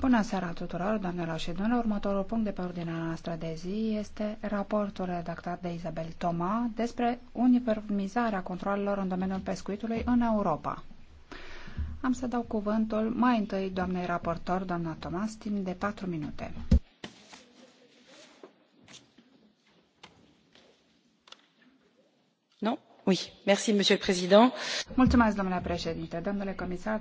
Bună seara tuturor, doamnelor Următorul punct de pe ordinea noastră de zi este raportul redactat de Isabel Toma despre uniformizarea controlelor în domeniul pescuitului în Europa. Am să dau cuvântul mai întâi doamnei raportor, doamna Tomas, timp de patru minute. Nu? Monsieur le Président. Mulțumesc, domnule președinte, domnule comisar,